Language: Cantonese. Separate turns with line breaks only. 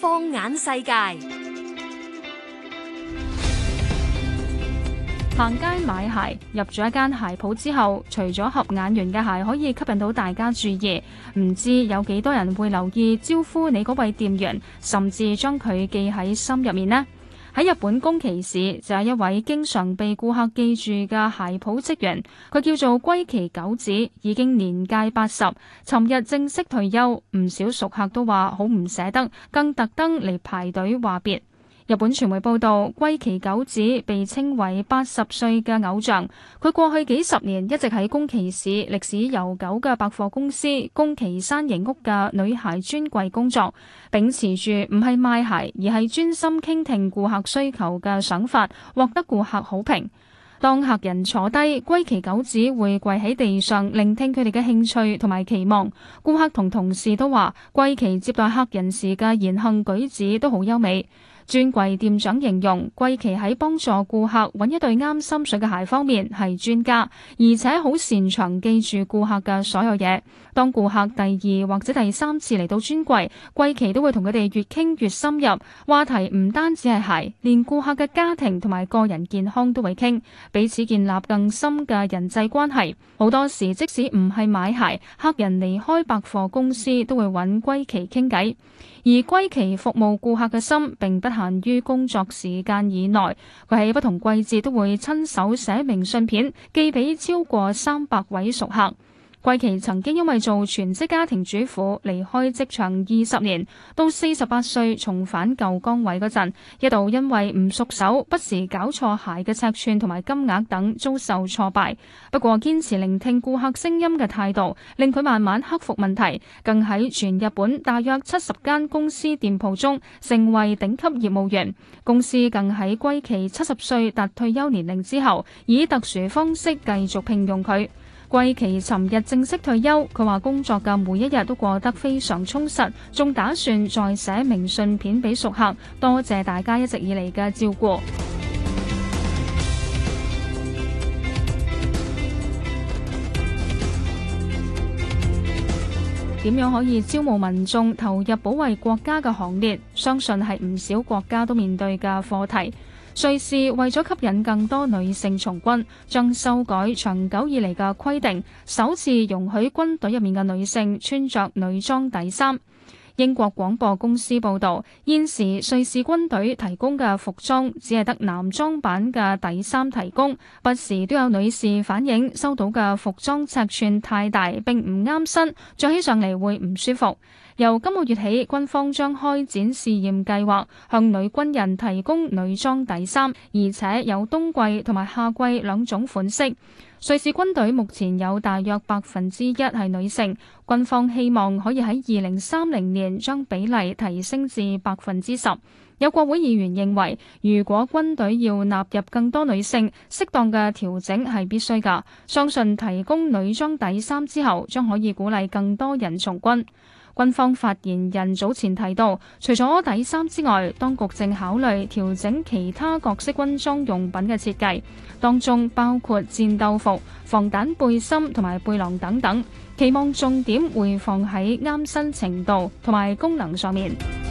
放眼世界，行街買鞋，入咗一間鞋鋪之後，除咗合眼緣嘅鞋可以吸引到大家注意，唔知有幾多人會留意招呼你嗰位店員，甚至將佢記喺心入面呢？喺日本宮崎市就係一位經常被顧客記住嘅鞋鋪職員，佢叫做龜崎九子，已經年屆八十，尋日正式退休。唔少熟客都話好唔捨得，更特登嚟排隊話別。日本傳媒報道，龜崎久子被稱為八十歲嘅偶像。佢過去幾十年一直喺宮崎市歷史悠久嘅百貨公司宮崎山形屋嘅女鞋專櫃工作，秉持住唔係賣鞋而係專心傾聽顧客需求嘅想法，獲得顧客好評。當客人坐低，龜崎久子會跪喺地上聆聽佢哋嘅興趣同埋期望。顧客同同事都話，龜崎接待客人時嘅言行舉止都好優美。專櫃店長形容桂琪喺幫助顧客揾一對啱心水嘅鞋方面係專家，而且好擅長記住顧客嘅所有嘢。當顧客第二或者第三次嚟到專櫃，桂琪都會同佢哋越傾越深入，話題唔單止係鞋，連顧客嘅家庭同埋個人健康都會傾，彼此建立更深嘅人際關係。好多時即使唔係買鞋，客人離開百貨公司都會揾桂琪傾偈，而桂琪服務顧客嘅心並不。限於工作時間以內，佢喺不同季節都會親手寫明信片，寄俾超過三百位熟客。桂琪曾經因為做全職家庭主婦離開職場二十年，到四十八歲重返舊崗位嗰陣，一度因為唔熟手，不時搞錯鞋嘅尺寸同埋金額等，遭受挫敗。不過堅持聆聽顧客聲音嘅態度，令佢慢慢克服問題，更喺全日本大約七十間公司店鋪中成為頂級業務員，公司更喺桂琪七十歲達退休年齡之後，以特殊方式繼續聘用佢。季琦尋日正式退休，佢話工作嘅每一日都過得非常充實，仲打算再寫明信片俾熟客，多謝大家一直以嚟嘅照顧。點 樣可以招募民眾投入保衛國家嘅行列？相信係唔少國家都面對嘅課題。瑞士為咗吸引更多女性從軍，將修改長久以嚟嘅規定，首次容許軍隊入面嘅女性穿著女裝底衫。英國廣播公司報導，現時瑞士軍隊提供嘅服裝只係得男裝版嘅底衫提供，不時都有女士反映收到嘅服裝尺寸太大並唔啱身，着起上嚟會唔舒服。由今個月起，軍方將開展試驗計劃，向女軍人提供女裝底衫，而且有冬季同埋夏季兩種款式。瑞士軍隊目前有大約百分之一係女性，軍方希望可以喺二零三零年將比例提升至百分之十。有國會議員認為，如果軍隊要納入更多女性，適當嘅調整係必須噶。相信提供女裝底衫之後，將可以鼓勵更多人從軍。軍方發言人早前提到，除咗底衫之外，當局正考慮調整其他各式軍裝用品嘅設計，當中包括戰鬥服、防彈背心同埋背囊等等，期望重點會放喺啱身程度同埋功能上面。